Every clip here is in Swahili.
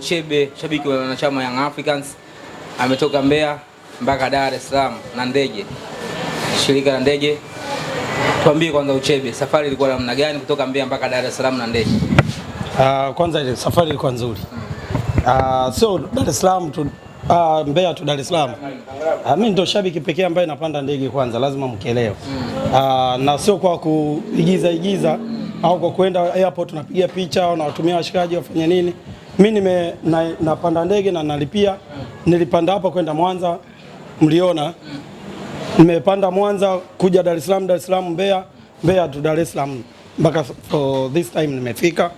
Uchebe, shabiki wa wanachama Young Africans, ametoka Mbeya mpaka Dar es Salaam na ndege, shirika la ndege. Tuambie kwanza, Uchebe, safari ilikuwa namna gani kutoka Mbeya mpaka Dar es Salaam na ndege? Uh, kwanza ile safari ilikuwa nzuri. Uh, so Dar es Salaam tu uh, Mbeya tu Dar es Salaam. Uh, mimi ndo shabiki pekee ambaye napanda ndege kwanza, lazima mkielewe. Uh, mm. na sio kwa kuigiza igiza au kwa kwenda airport tunapiga picha au nawatumia washikaji wafanye nini mi nime napanda na, ndege na nalipia. Nilipanda hapa kwenda Mwanza, mliona nimepanda Mwanza kuja Dar es Salaam, Dar es Salaam Mbeya, Mbeya to Dar es Salaam mpaka for this time nimefika.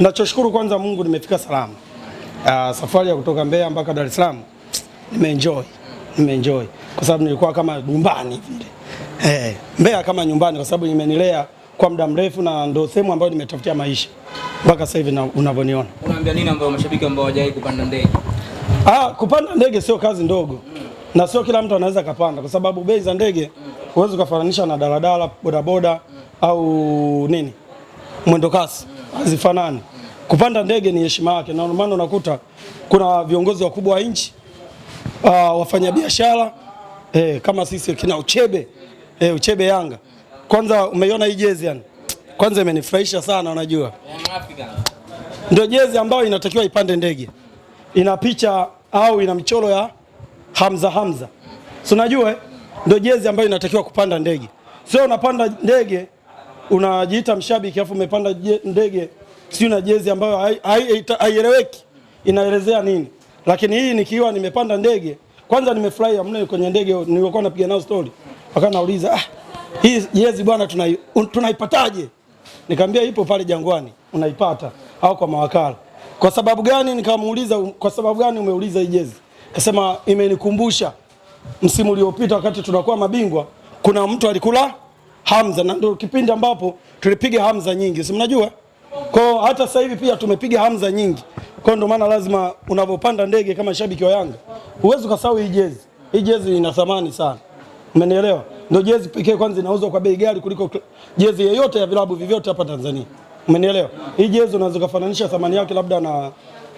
Nachoshukuru kwanza Mungu nimefika salama. Uh, safari ya kutoka Mbeya mpaka Dar es Salaam nimeenjoy, nimeenjoy kwa sababu nilikuwa kama nyumbani vile eh, Mbeya kama nyumbani kwa sababu imenilea kwa muda mrefu na ndio sehemu ambayo nimetafutia maisha mpaka sasa hivi unavyoniona. Unaambia nini ambao mashabiki ambao hawajawahi kupanda ndege? Ah, kupanda ndege sio kazi ndogo mm. na sio kila mtu anaweza kapanda kwa sababu bei za ndege huwezi mm. ukafananisha na daladala, bodaboda mm. au nini mwendo kasi hazifanani mm. mm. kupanda ndege ni heshima yake, na maana unakuta kuna viongozi wakubwa wa nchi uh, wafanyabiashara eh, kama sisi kina Uchebe eh, Uchebe Yanga, kwanza umeiona hii jezi yani kwanza imenifurahisha sana. Unajua ndio jezi ambayo inatakiwa ipande ndege, ina picha au ina mchoro ya Hamza Hamza, si unajua eh? ndio jezi ambayo inatakiwa kupanda ndege, sio unapanda ndege unajiita mshabiki afu umepanda ndege si una jezi ambayo haieleweki inaelezea nini. Lakini hii nikiwa nimepanda ndege, kwanza nimefurahi mno kwenye ndege nilikuwa napiga nao story, wakana nauliza ah, hii jezi bwana tunaipataje? Nikamwambia ipo pale Jangwani unaipata au kwa mawakala. Kwa sababu gani? Nikamuuliza kwa sababu gani umeuliza hii jezi? Akasema imenikumbusha msimu uliopita wakati tunakuwa mabingwa, kuna mtu alikula Hamza na ndio kipindi ambapo tulipiga Hamza nyingi, si mnajua? Kwa hata sasa hivi pia tumepiga Hamza nyingi. Kwa ndio maana lazima unapopanda ndege kama shabiki wa Yanga, huwezi ukasahau hii jezi. Hii jezi ina thamani sana. Umenielewa? ndio jezi pekee kwanza inauzwa kwa bei ghali kuliko jezi yoyote ya vilabu vivyote hapa Tanzania. Umenielewa? Hii jezi unaweza kufananisha thamani yake labda na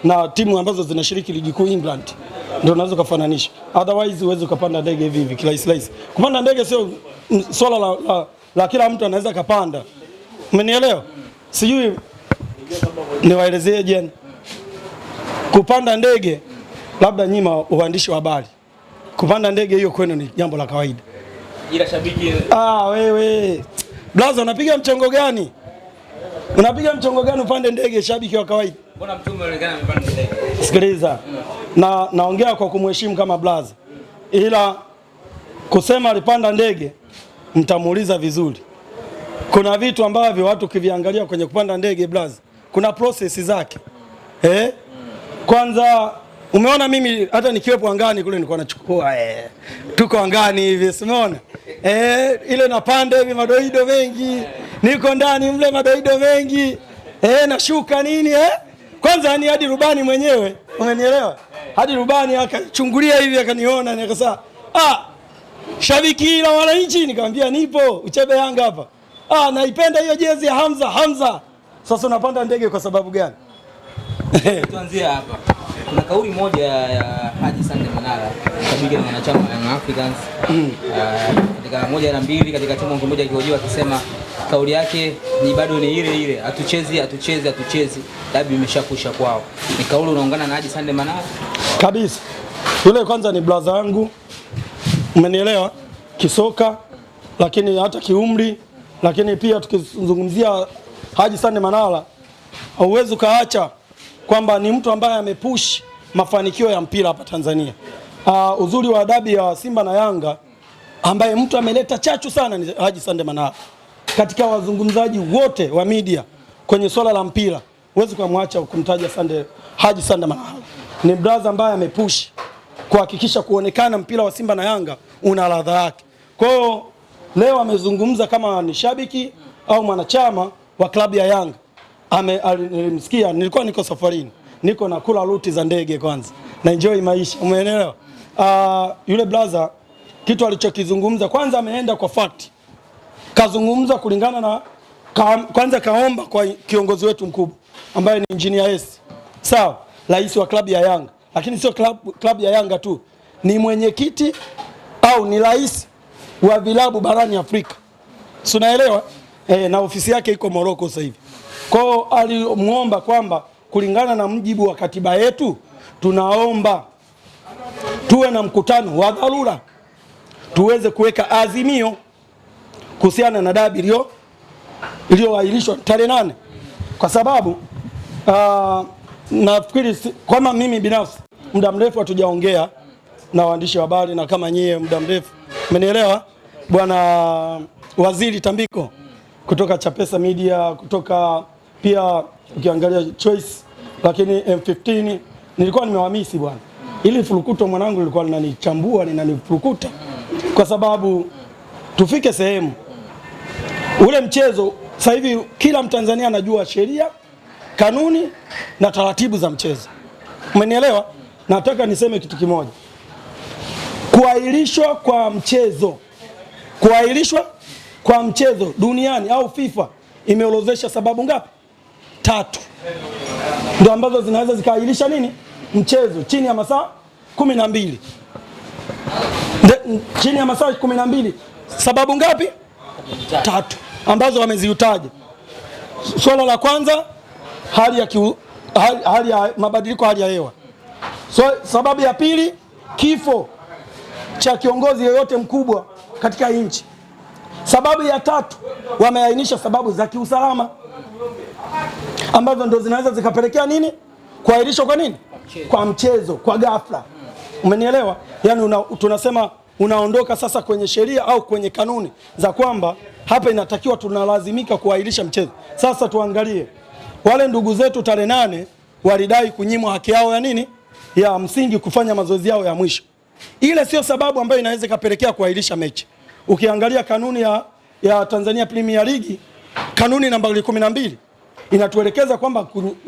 na timu ambazo zinashiriki ligi kuu England, ndio unaweza kufananisha. Otherwise huwezi kupanda ndege hivi hivi kila slice. Kupanda ndege sio swala la, la, la kila mtu anaweza kupanda. Umenielewa? Sijui niwaelezee jana kupanda ndege, labda nyima uandishi wa habari, kupanda ndege hiyo kwenu ni jambo la kawaida ila shabiki. Eh. Ah, wewe blaza, unapiga mchongo gani? Unapiga mchongo gani upande ndege shabiki wa kawaida? Mbona mtume anaonekana amepanda ndege? Sikiliza, mm. na naongea kwa kumheshimu kama blaza, ila kusema alipanda ndege mtamuuliza vizuri. Kuna vitu ambavyo watu kiviangalia kwenye kupanda ndege blaza, kuna process zake eh? Mm. Kwanza Umeona mimi hata nikiwepo angani kule nilikuwa nachukua eh, tuko angani hivi, simeona eh, ile napanda hivi madoido mengi, niko ndani mle madoido mengi eh, nashuka nini eh? Kwanza ni hadi rubani mwenyewe, umenielewa? Hadi rubani akachungulia hivi akaniona, na akasema, ah, shabiki la wananchi, nikamwambia nipo uchebe Yanga hapa. Ah, naipenda hiyo jezi ya Hamza Hamza. Sasa unapanda ndege kwa sababu gani? Tuanzie hapa kuna kauli moja ya Haji Sande Manara, shabiki na mwanachama wa Young Africans mm. katika moja na mbili katika timu kimoja kihojiwa, akisema kauli yake ni bado ni ile ile, hatuchezi hatuchezi hatuchezi, dabi imeshakusha kwao. Ni kauli unaungana na Haji Sande Manara kabisa? Yule kwanza ni brother wangu, umenielewa kisoka, lakini hata kiumri, lakini pia tukizungumzia Haji Sande Manara hauwezi ukaacha kwamba ni mtu ambaye amepush mafanikio ya mpira hapa Tanzania. Uh, uzuri wa adabu ya Simba na Yanga ambaye mtu ameleta chachu sana ni Haji Sande Manara. Katika wazungumzaji wote wa media kwenye swala la mpira huwezi kumwacha kumtaja Sande, Haji Sande Manara. Ni brother ambaye amepush kuhakikisha kuonekana mpira wa Simba na Yanga una ladha yake. Kwa hiyo leo amezungumza kama ni shabiki au mwanachama wa klabu ya Yanga nilimsikia, eh, nilikuwa niko safarini, niko nakula ruti za ndege kwanza na enjoy maisha, umeelewa? Uh, yule brother kitu alichokizungumza kwanza, ameenda kwa fact, kazungumza kulingana na ka, kwanza kaomba kwa kiongozi wetu mkubwa ambaye ni engineer S, sawa, rais wa klabu ya Yanga, lakini sio klabu, klabu ya Yanga tu, ni mwenyekiti au ni rais wa vilabu barani Afrika, si unaelewa? E, na ofisi yake iko Morocco sasa hivi. Kwao alimwomba kwamba kulingana na mjibu wa katiba yetu tunaomba tuwe na mkutano wa dharura tuweze kuweka azimio kuhusiana na dabi iliyoahirishwa tarehe nane, kwa sababu uh, nafikiri kama mimi binafsi muda mrefu hatujaongea na waandishi wa habari na kama nyie muda mrefu mmenielewa, bwana Waziri Tambiko kutoka Chapesa Media kutoka pia ukiangalia Choice, lakini M15 nilikuwa nimewamisi bwana. Ili furukuto mwanangu lilikuwa linanichambua linanifurukuta, kwa sababu tufike sehemu ule mchezo. Sasa hivi kila Mtanzania anajua sheria, kanuni na taratibu za mchezo, umenielewa? Nataka niseme kitu kimoja, kuahirishwa kwa mchezo, kuahirishwa kwa mchezo duniani au FIFA imeorodhesha sababu ngapi? tatu ndio ambazo zinaweza zikaahirisha nini mchezo chini ya masaa kumi na mbili chini ya masaa kumi na mbili Sababu ngapi? Tatu ambazo wameziutaja. Swala la kwanza hali ya, kiu, hali, hali ya mabadiliko hali ya hewa. So, sababu ya pili kifo cha kiongozi yoyote mkubwa katika nchi. Sababu ya tatu wameainisha sababu za kiusalama ambazo ndo zinaweza zikapelekea nini kuahirishwa. Kwa nini? Kwa mchezo, kwa ghafla. Umenielewa? Yani una, tunasema unaondoka sasa kwenye sheria au kwenye kanuni za kwamba hapa inatakiwa tunalazimika kuahirisha mchezo. Sasa tuangalie wale ndugu zetu tarehe nane walidai kunyimwa haki yao ya nini ya msingi kufanya mazoezi yao ya mwisho. Ile sio sababu ambayo inaweza ikapelekea kuahirisha mechi. Ukiangalia kanuni ya, ya Tanzania Premier League kanuni nambari kumi na mbili inatuelekeza kwamba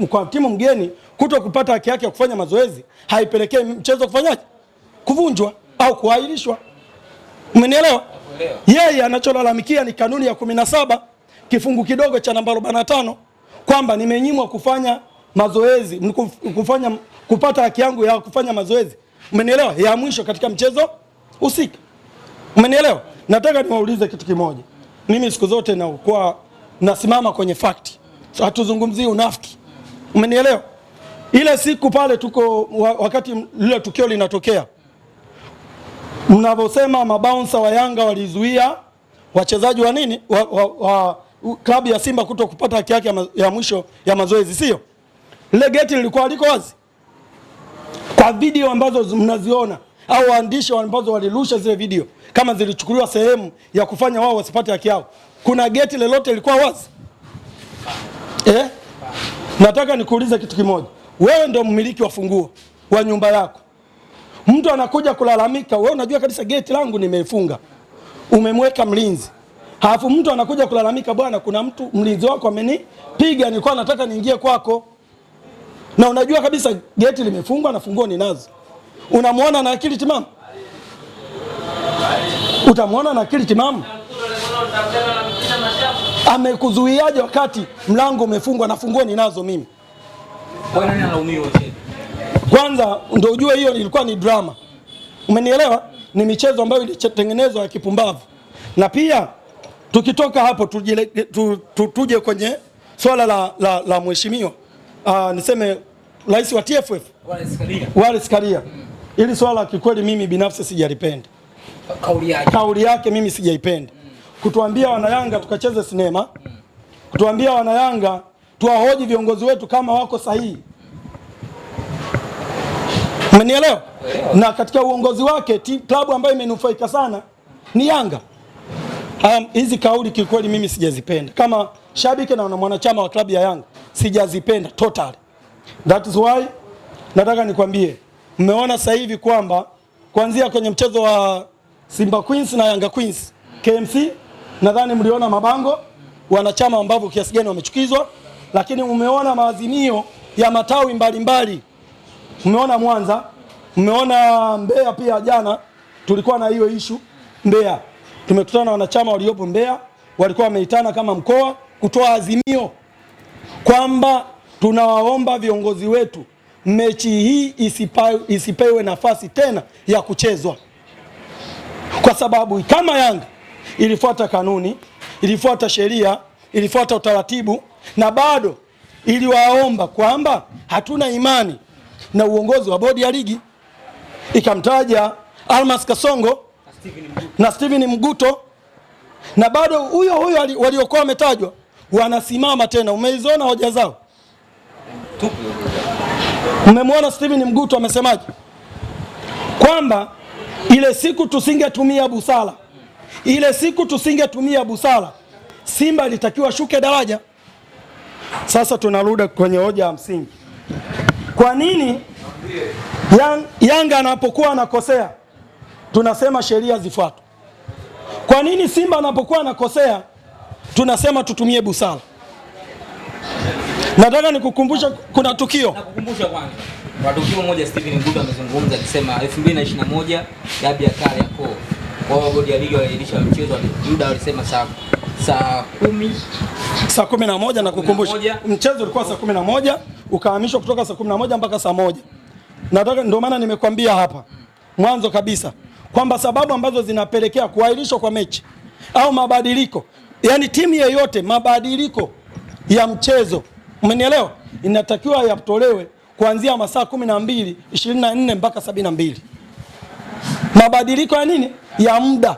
kwa timu mgeni kuto kupata haki yake ya kufanya mazoezi haipelekei mchezo kufanyaje, kuvunjwa au kuahirishwa. Umenielewa? Yeye anacholalamikia ni kanuni ya kumi na saba kifungu kidogo cha namba arobaini na tano kwamba nimenyimwa kufanya mazoezi kufanya, kupata haki yangu ya kufanya mazoezi, umenielewa, ya mwisho katika mchezo husika. Umenielewa? Nataka niwaulize kitu kimoja. Mimi siku zote nakuwa nasimama kwenye fakti so hatuzungumzii unafiki, umenielewa? Ile siku pale tuko wakati lile tukio linatokea, mnavyosema mabaunsa wa Yanga walizuia wachezaji wa nini wa, wa, wa klabu ya Simba kuto kupata haki yake ya mwisho ya mazoezi, sio? Lile geti lilikuwa liko wazi kwa video ambazo mnaziona au waandishi ambazo walirusha zile video, kama zilichukuliwa sehemu ya kufanya wao wasipate haki yao, kuna geti lolote lilikuwa wazi? eh? Nataka nikuulize kitu kimoja, wewe ndio mmiliki wa funguo wa nyumba yako, mtu anakuja kulalamika, wewe unajua kabisa geti langu nimefunga, umemweka mlinzi, halafu mtu anakuja kulalamika, bwana, kuna mtu mlinzi wako amenipiga, nilikuwa nataka niingie kwako, na unajua kabisa geti limefungwa na funguo ninazo. Unamwona na akili timamu? Utamwona na akili timamu? amekuzuiaje wakati mlango umefungwa na funguo ninazo mimi? Kwanza ndio ujue hiyo ilikuwa ni drama, umenielewa? Ni michezo ambayo ilitengenezwa ya kipumbavu. Na pia tukitoka hapo tujile, tu, tu, tuje kwenye swala la, la, la mheshimiwa ah, niseme rais wa TFF Wallace Karia mm. Ili swala kikweli mimi binafsi sijalipenda kauli yake, kauli yake mimi sijaipenda kutuambia wanayanga tukacheze sinema, kutuambia wanayanga tuwahoji viongozi wetu kama wako sahihi. Umenielewa? Na katika uongozi wake klabu ambayo imenufaika sana ni Yanga. Um, hizi um, kauli kiukweli mimi sijazipenda kama shabiki na mwanachama wa klabu ya Yanga sijazipenda totally. That is why nataka nikwambie, mmeona sasa hivi kwamba kuanzia kwenye mchezo wa Simba Queens na Yanga Queens KMC nadhani mliona mabango wanachama ambavyo kiasi gani wamechukizwa, lakini umeona maazimio ya matawi mbalimbali, mmeona Mwanza, mmeona Mbeya. Pia jana tulikuwa na hiyo ishu Mbeya, tumekutana na wanachama waliopo Mbeya, walikuwa wameitana kama mkoa kutoa azimio kwamba tunawaomba viongozi wetu mechi hii isipa, isipewe nafasi tena ya kuchezwa, kwa sababu kama Yanga ilifuata kanuni, ilifuata sheria, ilifuata utaratibu na bado iliwaomba kwamba hatuna imani na uongozi wa bodi ya ligi, ikamtaja Almas Kasongo na Steven Mguto na bado huyo huyo waliokuwa wametajwa wanasimama tena. Umeiziona hoja zao? Mmemwona Steven Mguto amesemaje? Kwamba ile siku tusingetumia busara ile siku tusingetumia busara, Simba ilitakiwa shuke daraja. Sasa tunarudi kwenye hoja ya msingi, kwa nini yang, Yanga anapokuwa anakosea tunasema sheria zifuatwe? Kwa nini Simba anapokuwa anakosea tunasema tutumie busara? Nataka nikukumbusha kuna tukio, nakukumbusha kwanza Kwa tukio moja Steven Nguga amezungumza akisema 2021 Gabi ya yako. Wao bodi ya ligi waliahirisha mchezo, muda walisema saa saa kumi saa kumi na moja na kukumbusha mchezo ulikuwa saa kumi na moja ukahamishwa kutoka saa kumi na moja mpaka saa moja Nataka ndio maana nimekwambia hapa mwanzo kabisa kwamba sababu ambazo zinapelekea kuahirishwa kwa mechi au mabadiliko, yani timu yeyote, mabadiliko ya mchezo, umenielewa, inatakiwa yatolewe kuanzia masaa kumi na mbili ishirini na nne mpaka sabini na mbili Mabadiliko ya nini? ya muda.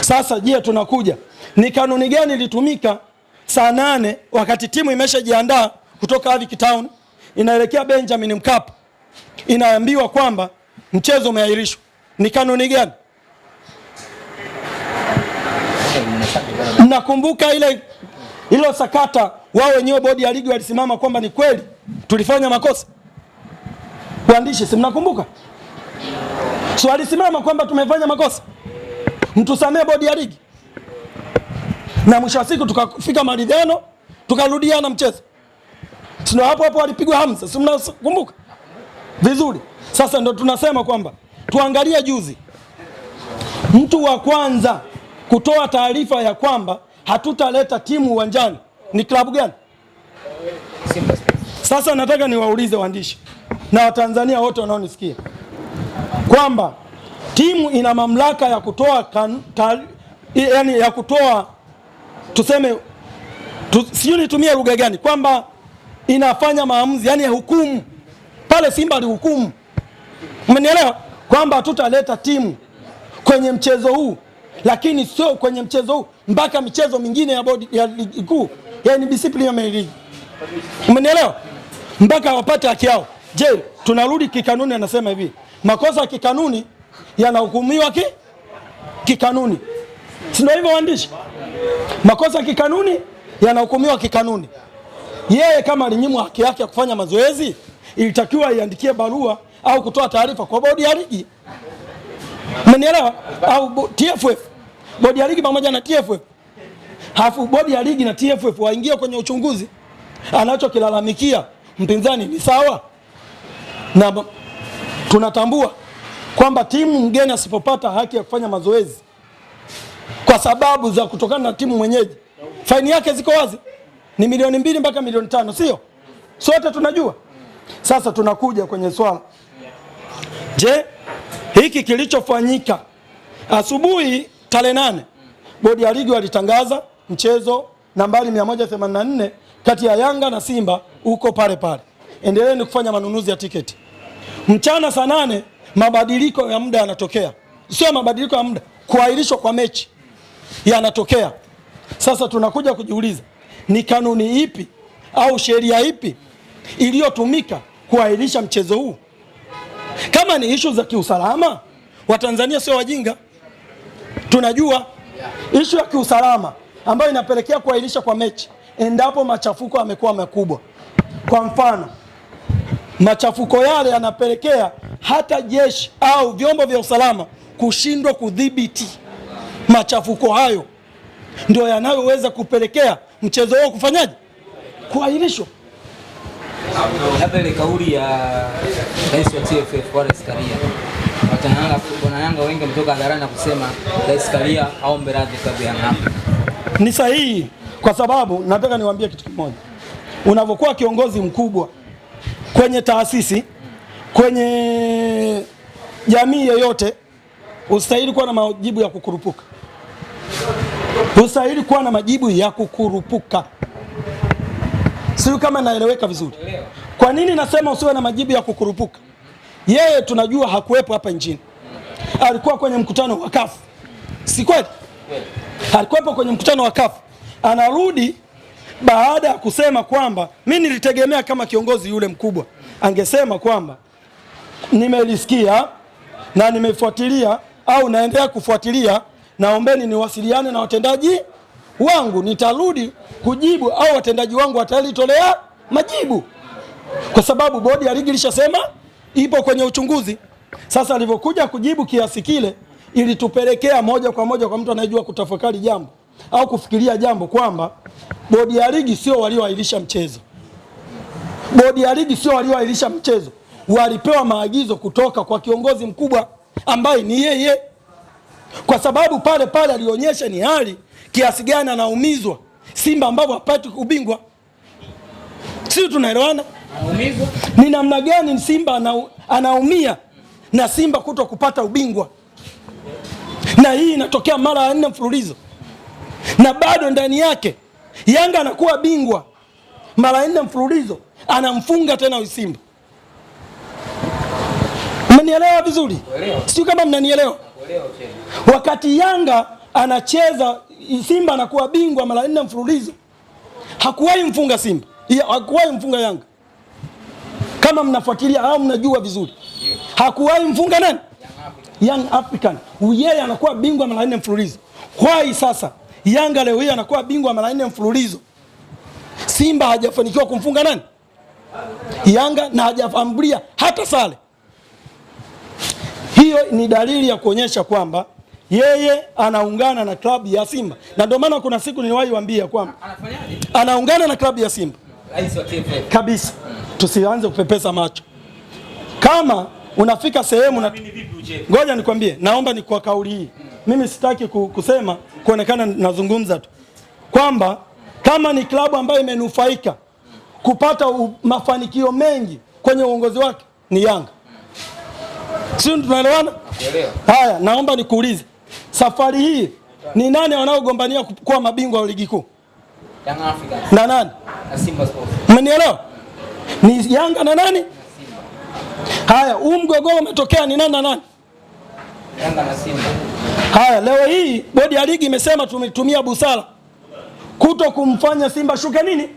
Sasa je, tunakuja ni kanuni gani ilitumika saa nane wakati timu imeshajiandaa kutoka Avic Town inaelekea Benjamin Mkapa, inaambiwa kwamba mchezo umeahirishwa? Ni kanuni gani? Mnakumbuka ile ilo sakata, wao wenyewe bodi ya ligi walisimama kwamba ni kweli tulifanya makosa, waandishi, si mnakumbuka? So alisimama kwamba tumefanya makosa, mtusamee bodi ya ligi, na mwisho wa siku tukafika maridhiano, tukarudiana mchezo. Sio hapo hapo walipigwa Hamza, si mnakumbuka vizuri? Sasa ndo tunasema kwamba tuangalie juzi, mtu wa kwanza kutoa taarifa ya kwamba hatutaleta timu uwanjani ni klabu gani? Sasa nataka niwaulize waandishi na Watanzania wote wanaonisikia kwamba timu ina mamlaka ya kutoa kan, ta, yani ya kutoa tuseme tu, sijui nitumie lugha gani, kwamba inafanya maamuzi yani ya hukumu pale Simba alihukumu, umenielewa kwamba tutaleta timu kwenye mchezo huu, lakini sio kwenye mchezo huu mpaka michezo mingine ya bodi ya ligi kuu ya discipline ya League, umenielewa mpaka wapate haki yao. Je, tunarudi kikanuni, anasema hivi makosa kikanuni yanahukumiwa ki kikanuni, si ndio hivyo waandishi? Makosa kikanuni yanahukumiwa kikanuni. Yeye kama alinyimwa haki yake ya kufanya mazoezi, ilitakiwa iandikie barua au kutoa taarifa kwa bodi ya ligi, mnielewa? Au TFF, bodi ya ligi pamoja na TFF, halafu bodi ya ligi na TFF waingie kwenye uchunguzi, anachokilalamikia mpinzani ni sawa na Tunatambua kwamba timu mgeni asipopata haki ya kufanya mazoezi kwa sababu za kutokana na timu mwenyeji, faini yake ziko wazi, ni milioni mbili mpaka milioni tano, sio sote tunajua. Sasa tunakuja kwenye swala, je, hiki kilichofanyika asubuhi tarehe nane, bodi ya ligi walitangaza mchezo nambari 184 kati ya Yanga na Simba uko pale pale. Endeleeni kufanya manunuzi ya tiketi mchana saa nane mabadiliko ya muda yanatokea, sio mabadiliko ya muda, kuahirishwa kwa mechi yanatokea. Sasa tunakuja kujiuliza ni kanuni ipi au sheria ipi iliyotumika kuahirisha mchezo huu? Kama ni ishu za kiusalama, Watanzania sio wajinga, tunajua ishu ya kiusalama ambayo inapelekea kuahirisha kwa mechi endapo machafuko yamekuwa makubwa. Kwa mfano Machafuko yale yanapelekea hata jeshi au vyombo vya usalama kushindwa kudhibiti machafuko hayo, ndio yanayoweza kupelekea mchezo huo kufanyaje, kuahirishwa. Labda ile kauli ya rais wa TFF Wallace Karia, Yanga wengi wametoka hadharani na kusema Rais Karia aombe radhi klabu ya Yanga ni sahihi, kwa sababu nataka niwaambie kitu kimoja, unavyokuwa kiongozi mkubwa kwenye taasisi, kwenye jamii yoyote, ustahili kuwa na majibu ya kukurupuka, ustahili kuwa na majibu ya kukurupuka. Sio kama naeleweka vizuri? Kwa nini nasema usiwe na majibu ya kukurupuka? Yeye tunajua hakuwepo hapa nchini, alikuwa kwenye mkutano wa kafu, si kweli? Alikuwepo kwenye mkutano wa kafu, anarudi baada ya kusema kwamba mi nilitegemea kama kiongozi yule mkubwa angesema kwamba nimelisikia na nimefuatilia au naendelea kufuatilia, naombeni niwasiliane na watendaji wangu, nitarudi kujibu au watendaji wangu watalitolea majibu, kwa sababu bodi ya ligi ilishasema ipo kwenye uchunguzi. Sasa alivyokuja kujibu kiasi kile, ilitupelekea moja kwa moja kwa mtu anayejua kutafakari jambo au kufikiria jambo kwamba bodi ya ligi sio walioahirisha mchezo. Bodi ya ligi sio walioahirisha mchezo, walipewa maagizo kutoka kwa kiongozi mkubwa ambaye ni yeye, kwa sababu pale pale alionyesha ni hali kiasi gani anaumizwa Simba ambavyo hapati ubingwa. Sisi tunaelewana ni namna gani Simba anaumia na Simba kuto kupata ubingwa, na hii inatokea mara ya nne mfululizo na bado ndani yake Yanga anakuwa bingwa mara nne mfululizo, anamfunga tena Simba. Mmenielewa vizuri, sio kama mnanielewa? Wakati Yanga anacheza Simba anakuwa bingwa mara nne mfululizo, hakuwahi mfunga Simba, hakuwahi mfunga Yanga. Kama mnafuatilia au mnajua vizuri, hakuwahi mfunga nani? Young African. Yeye anakuwa bingwa mara nne mfululizo. Why sasa Yanga leo hii anakuwa bingwa mara nne mfululizo. Simba hajafanikiwa kumfunga nani? Yanga na hajafambulia hata sale. Hiyo ni dalili ya kuonyesha kwamba yeye anaungana na klabu ya Simba, na ndio maana kuna siku niliwahi waambia kwamba anaungana na klabu ya Simba kabisa. Tusianze kupepesa macho kama unafika sehemu na... ngoja nikwambie, naomba ni kwa kauli hii mimi sitaki kusema kuonekana nazungumza tu kwamba kama ni klabu ambayo imenufaika kupata mafanikio mengi kwenye uongozi wake ni Yanga, si tunaelewana? Haya, naomba nikuulize, safari hii ni nani wanaogombania kuwa mabingwa wa ligi kuu na nani? Mnielewa, ni Yanga na nani? Haya, huu mgogoro umetokea ni nani na nani? Yanga na Simba. Haya, leo hii bodi ya ligi imesema tumetumia busara kuto kumfanya Simba shuke nini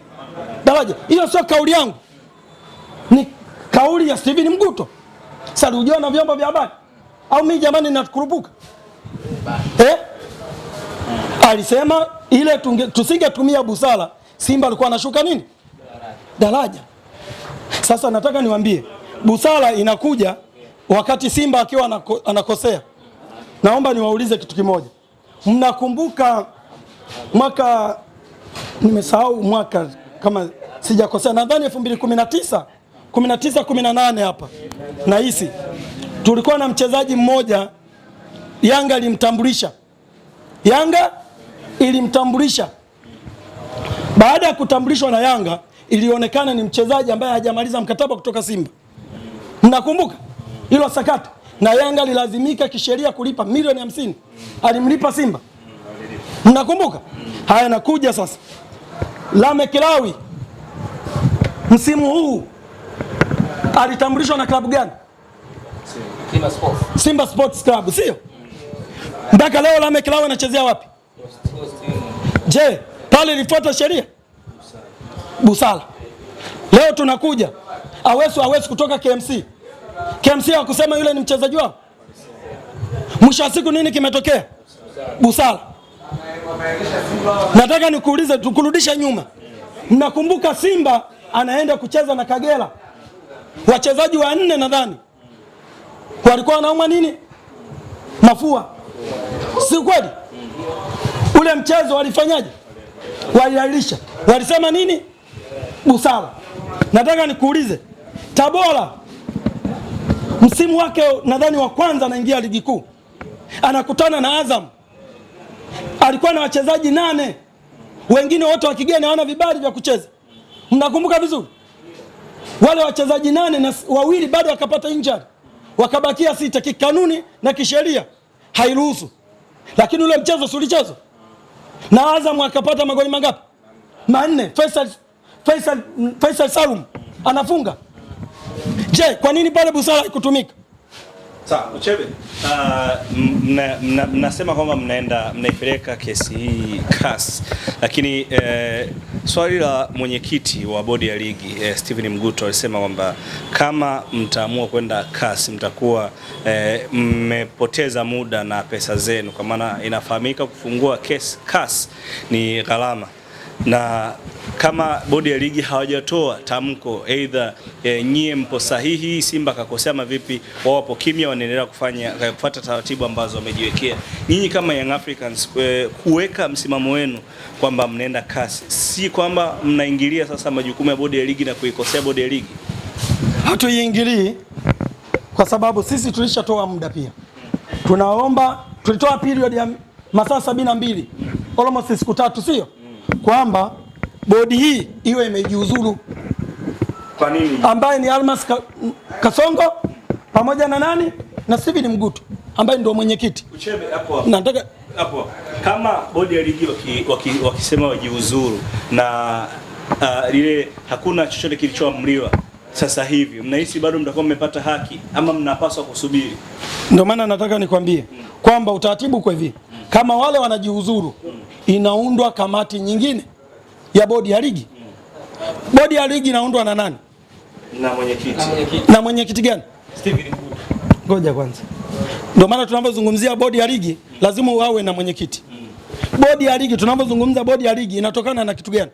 daraja. Hiyo sio kauli yangu, ni kauli ya Steven Mguto. Sasa ujao na vyombo vya habari au mimi jamani, natukurupuka eh? Alisema ile tusingetumia busara, Simba alikuwa anashuka nini daraja. Sasa nataka niwaambie busara inakuja wakati Simba akiwa anakosea. Naomba niwaulize kitu kimoja. Mnakumbuka mwaka nimesahau mwaka kama sijakosea, nadhani 2019 19 18 hapa na hisi tulikuwa na mchezaji mmoja Yanga ilimtambulisha, Yanga ilimtambulisha. Baada ya kutambulishwa na Yanga, ilionekana ni mchezaji ambaye hajamaliza mkataba kutoka Simba. Mnakumbuka hilo sakata? na Yanga alilazimika kisheria kulipa milioni hamsini. Alimlipa Simba, mnakumbuka? Haya, nakuja sasa. Lame Kilawi msimu huu alitambulishwa na klabu gani? Simba Sports, Simba Club, sio? Mpaka leo Lame Kilawi anachezea wapi? Je, pale ilifuata sheria? Busara. Leo tunakuja Awesu, Awesu kutoka KMC KMC hakusema yule ni mchezaji wao. Mwisho wa siku nini kimetokea? Busara. Nataka nikuulize, tukurudisha nyuma, mnakumbuka Simba anaenda kucheza na Kagera, wachezaji wanne nadhani walikuwa wanauma nini, mafua, si kweli? Ule mchezo walifanyaje? Walilailisha, walisema nini? Busara. Nataka nikuulize Tabora msimu wake nadhani wa kwanza anaingia ligi kuu, anakutana na Azam, alikuwa na wachezaji nane, wengine wote wa kigeni, hawana vibali vya kucheza. Mnakumbuka vizuri wale wachezaji nane na wawili bado wakapata injury, wakabakia sita. Kikanuni na kisheria hairuhusu, lakini ule mchezo si ulichezwa na Azam, akapata magoli mangapi? Manne. Faisal, Faisal, Faisal Salum anafunga Je, kwa nini pale busara ikutumika? Sawa, Uchebe, uh, mnasema kwamba mnaenda mnaipeleka kesi hii CAS, lakini eh, swali la mwenyekiti wa bodi ya ligi eh, Steven Mguto alisema kwamba kama mtaamua kwenda CAS mtakuwa eh, mmepoteza muda na pesa zenu, kwa maana inafahamika kufungua kesi CAS ni gharama na kama bodi ya ligi hawajatoa tamko aidha e, eh, nyie mpo sahihi, Simba kakosea mavipi, wao wapo kimya, wanaendelea kufanya eh, kufuata taratibu ambazo wamejiwekea. Nyinyi kama Young Africans e, kuweka msimamo wenu kwamba mnaenda kasi, si kwamba mnaingilia sasa majukumu ya bodi ya ligi na kuikosea bodi ya ligi. Hatuiingilii kwa sababu sisi tulishatoa muda, pia tunaomba, tulitoa period ya masaa sabini na mbili almost siku tatu, sio kwamba bodi hii iwe imejiuzulu. Kwa nini? Ambaye ni Almas ka, Kasongo pamoja na nani na Steven Mgutu ambaye ndio mwenyekiti. Uchebe hapo. Nataka hapo. Kama bodi ya ligi wakisema waki, waki wajiuzuru na uh, lile hakuna chochote kilichoamriwa sasa hivi, mnahisi bado mtakuwa mmepata haki ama mnapaswa kusubiri? Ndio maana nataka nikwambie kwamba utaratibu kwa hivi kama wale wanajiuzuru, inaundwa kamati nyingine ya bodi ya ligi. Bodi ya ligi inaundwa na nani? Na mwenyekiti. Na mwenyekiti gani? Steven ngoja kwanza, ndio maana tunapozungumzia bodi ya ligi lazima uawe na mwenyekiti. Bodi ya ligi tunapozungumza bodi ya ligi inatokana na kitu gani?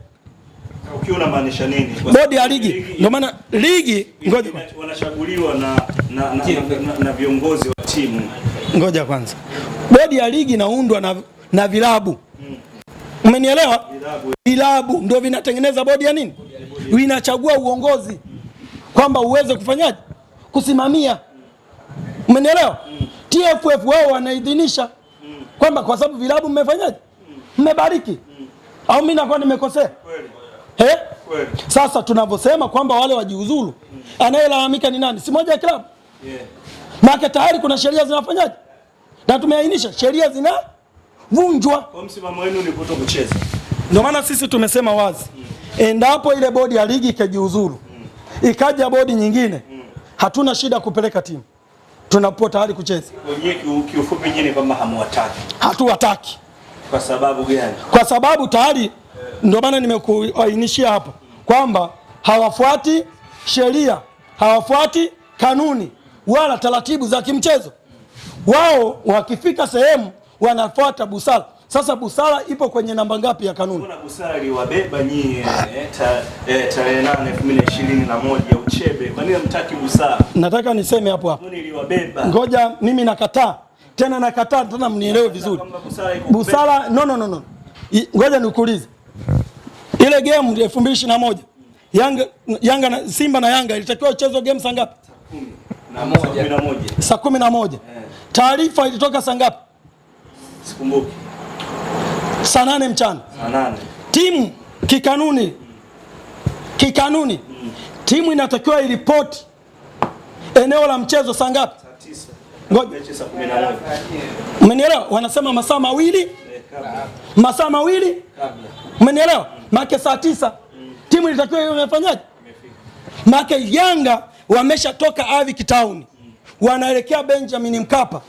Ukiwa maanisha nini? Bodi ya ligi ndio maana ligi, ngoja wanachaguliwa na na, na, na, na viongozi wa timu. Ngoja kwanza bodi ya ligi inaundwa na, na vilabu umenielewa? Vilabu ndio vinatengeneza bodi ya nini, vinachagua uongozi kwamba uweze kufanyaje kusimamia, umenielewa? TFF wao wanaidhinisha kwamba kwa sababu vilabu mmefanyaje, mmebariki au mimi nakuwa nimekosea? Eh, sasa tunavyosema kwamba wale wajiuzulu anayelalamika ni nani? Si moja ya klabu yeah. Maana tayari kuna sheria zinafanyaje na tumeainisha sheria zinavunjwa. Kwa msimamo wenu ni kuto kucheza, ndio maana sisi tumesema wazi mm. endapo ile bodi ya ligi ikajiuzuru mm. ikaja bodi nyingine mm. hatuna shida kupeleka timu, tunapo tayari kucheza. Wenyewe kiufupi nyinyi kama hamwataki, hatuwataki. Kwa sababu gani? Kwa sababu tayari yeah. ndio maana nimekuainishia hapo mm. kwamba hawafuati sheria, hawafuati kanuni wala taratibu za kimchezo wao wakifika sehemu wanafuata busara. Sasa busara ipo kwenye namba ngapi ya kanuni? Kuna busara iliwabeba nyie eh, eh, tarehe ta, nane ishirini na moja Uchebe. Kwa nini mtaki busara? Nataka niseme hapo hapo. iliwabeba. Ngoja mimi nakataa tena, nakataa tena, mnielewe vizuri. Busara no, no, no, no. Ngoja nikuulize ile game 2021 Yanga, Yanga na Simba na Yanga ilitakiwa ichezwe game saa ngapi? Saa 10 na moja. Saa 11. Taarifa ilitoka saa ngapi? Sikumbuki. Saa nane mchana. Saa nane. Timu kikanuni, kikanuni mm. timu inatakiwa iripoti eneo la mchezo saa ngapi? Saa Umenielewa? Wanasema masaa mawili eh, masaa mawili umenielewa? Mm. Maana saa tisa mm. timu ilitakiwa imefanyaje? Maana Yanga wameshatoka Avic Town wanaelekea Benjamin Mkapa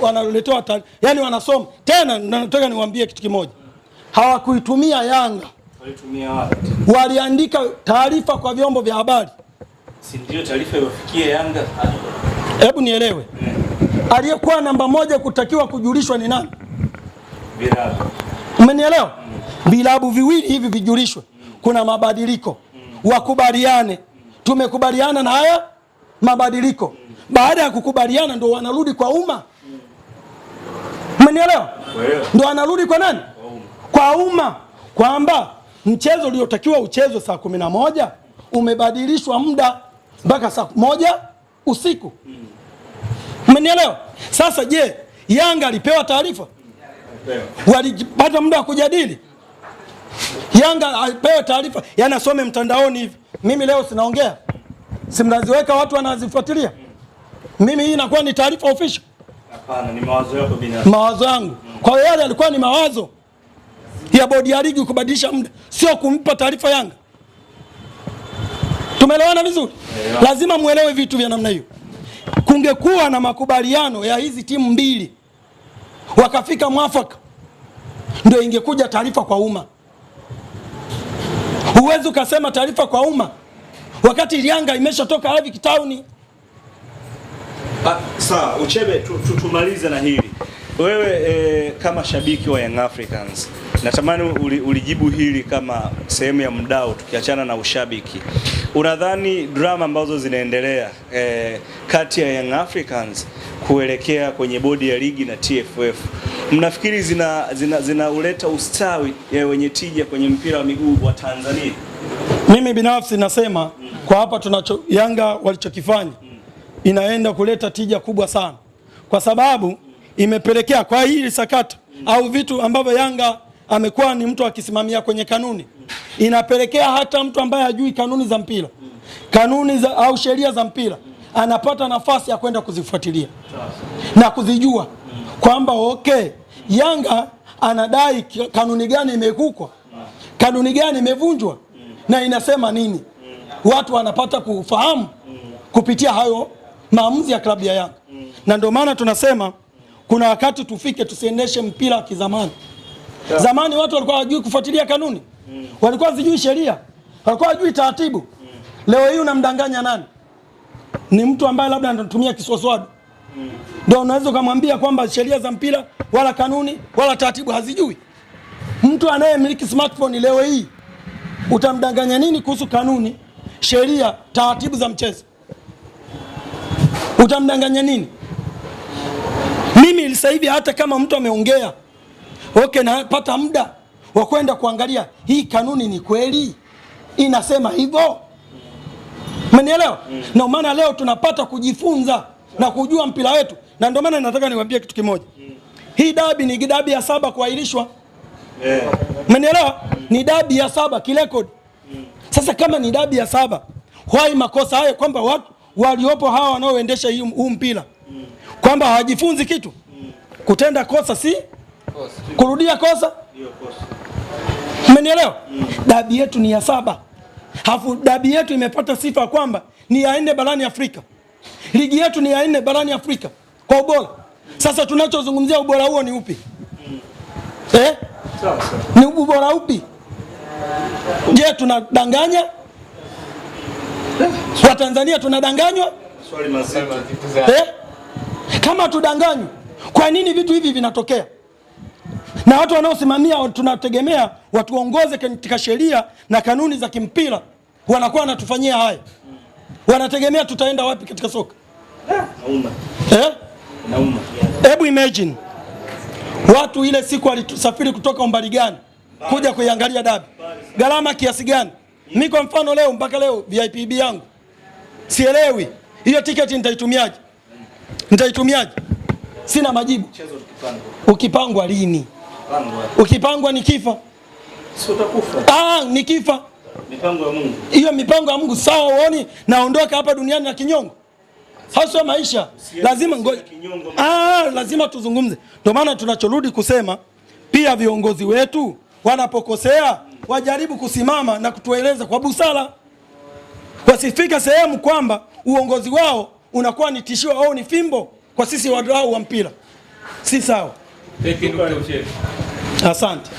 wanaletewa wana, yani wanasoma tena. Nataka niwaambie kitu kimoja, hawakuitumia Yanga, waliandika taarifa kwa vyombo vya habari. Si ndio taarifa iwafikie Yanga? Hebu nielewe, eh. aliyekuwa namba moja kutakiwa kujulishwa ni nani? Bilabu. Umenielewa? Mm. Vilabu viwili hivi vijulishwe, mm. kuna mabadiliko, mm. wakubaliane. Tumekubaliana na haya mabadiliko. Baada ya kukubaliana ndo wanarudi kwa umma, umenielewa? Ndo wanarudi kwa nani? Kwa umma, kwamba mchezo uliotakiwa uchezwe saa kumi na moja umebadilishwa muda mpaka saa moja usiku, umenielewa? Hmm. Sasa je, Yanga alipewa taarifa? Walipata muda wa kujadili? Yanga apewe taarifa? Yani asome mtandaoni hivi, mimi leo sinaongea si mnaziweka watu wanazifuatilia. Mimi hii inakuwa ni taarifa official? Hapana, ni mawazo yako binafsi. Mawazo yangu. Kwa hiyo yale alikuwa ni mawazo ya bodi ya ligi kubadilisha muda, sio kumpa taarifa Yanga. Tumeelewana vizuri? Lazima muelewe vitu vya namna hiyo. Kungekuwa na makubaliano ya hizi timu mbili wakafika mwafaka, ndio ingekuja taarifa kwa umma. Huwezi ukasema taarifa kwa umma wakati Yanga imeshatoka Avic Town. Ah, sawa, Uchebe, tumalize na hili wewe e, kama shabiki wa Young Africans natamani ulijibu hili kama sehemu ya mdau, tukiachana na ushabiki, unadhani drama ambazo zinaendelea e, kati ya Young Africans kuelekea kwenye bodi ya ligi na TFF mnafikiri zinauleta zina, zina ustawi eh, wenye tija kwenye mpira wa miguu wa Tanzania? Mimi binafsi nasema kwa hapa tunacho Yanga walichokifanya inaenda kuleta tija kubwa sana, kwa sababu imepelekea kwa hili sakata au vitu ambavyo Yanga amekuwa ni mtu akisimamia kwenye kanuni, inapelekea hata mtu ambaye hajui kanuni za mpira kanuni za, au sheria za mpira anapata nafasi ya kwenda kuzifuatilia na kuzijua kwamba okay, Yanga anadai kanuni gani imekukwa, kanuni gani imevunjwa na inasema nini, watu wanapata kufahamu kupitia hayo maamuzi ya klabu ya Yanga, na ndio maana tunasema kuna wakati tufike, tusiendeshe mpira wa kizamani. Zamani watu walikuwa hawajui kufuatilia kanuni, mm. walikuwa hawajui sheria, walikuwa hawajui taratibu. Mm. Leo hii unamdanganya nani? Ni mtu ambaye labda anatumia kiswaswado mm. ndio unaweza ukamwambia kwamba sheria za mpira wala kanuni wala taratibu hazijui. Mtu anayemiliki smartphone leo hii utamdanganya nini kuhusu kanuni, sheria, taratibu za mchezo? Utamdanganya nini? Mimi sasa hivi hata kama mtu ameongea okay, napata muda wa kwenda kuangalia hii kanuni ni kweli inasema hivyo, umenielewa? mm. Ndio maana leo tunapata kujifunza na kujua mpira wetu, na ndio maana nataka niwaambie kitu kimoja. Mm. Hii dabi ni dabi ya saba kuahirishwa Umenielewa? Ni dabi ya saba kirekodi. Sasa kama ni dabi ya saba, why makosa hayo kwamba watu waliopo hawa wanaoendesha huu mpira kwamba hawajifunzi kitu? Kutenda kosa si kurudia kosa, umenielewa? Dabi yetu ni ya saba, halafu dabi yetu imepata sifa kwamba ni ya nne barani Afrika. Ligi yetu ni ya nne barani Afrika kwa ubora. Sasa tunachozungumzia ubora huo ni upi? Eh? Ni ubora upi? Je, tunadanganya Watanzania? Tunadanganywa eh? Kama tudanganywe, kwa nini vitu hivi vinatokea? Na watu wanaosimamia, tunategemea watuongoze katika sheria na kanuni za kimpira, wanakuwa wanatufanyia haya. Wanategemea tutaenda wapi katika soka? Eh? Hebu eh? imagine Watu ile siku walisafiri kutoka umbali gani kuja kuiangalia dabi, gharama kiasi gani? Mi kwa mfano leo mpaka leo VIPB yangu sielewi, hiyo tiketi nitaitumiaje? Nitaitumiaje? Sina majibu. Ukipangwa lini? Ukipangwa ni kifa, ah, ni kifa. Hiyo mipango ya Mungu. Sawa, uoni naondoka hapa duniani na kinyongo haswa maisha lazima ngoja, ah, lazima tuzungumze. Ndio maana tunachorudi kusema pia viongozi wetu wanapokosea wajaribu kusimama na kutueleza kwa busara, wasifika sehemu kwamba uongozi wao unakuwa ni tishio au ni fimbo kwa sisi wadau wa mpira. Si sawa. Asante.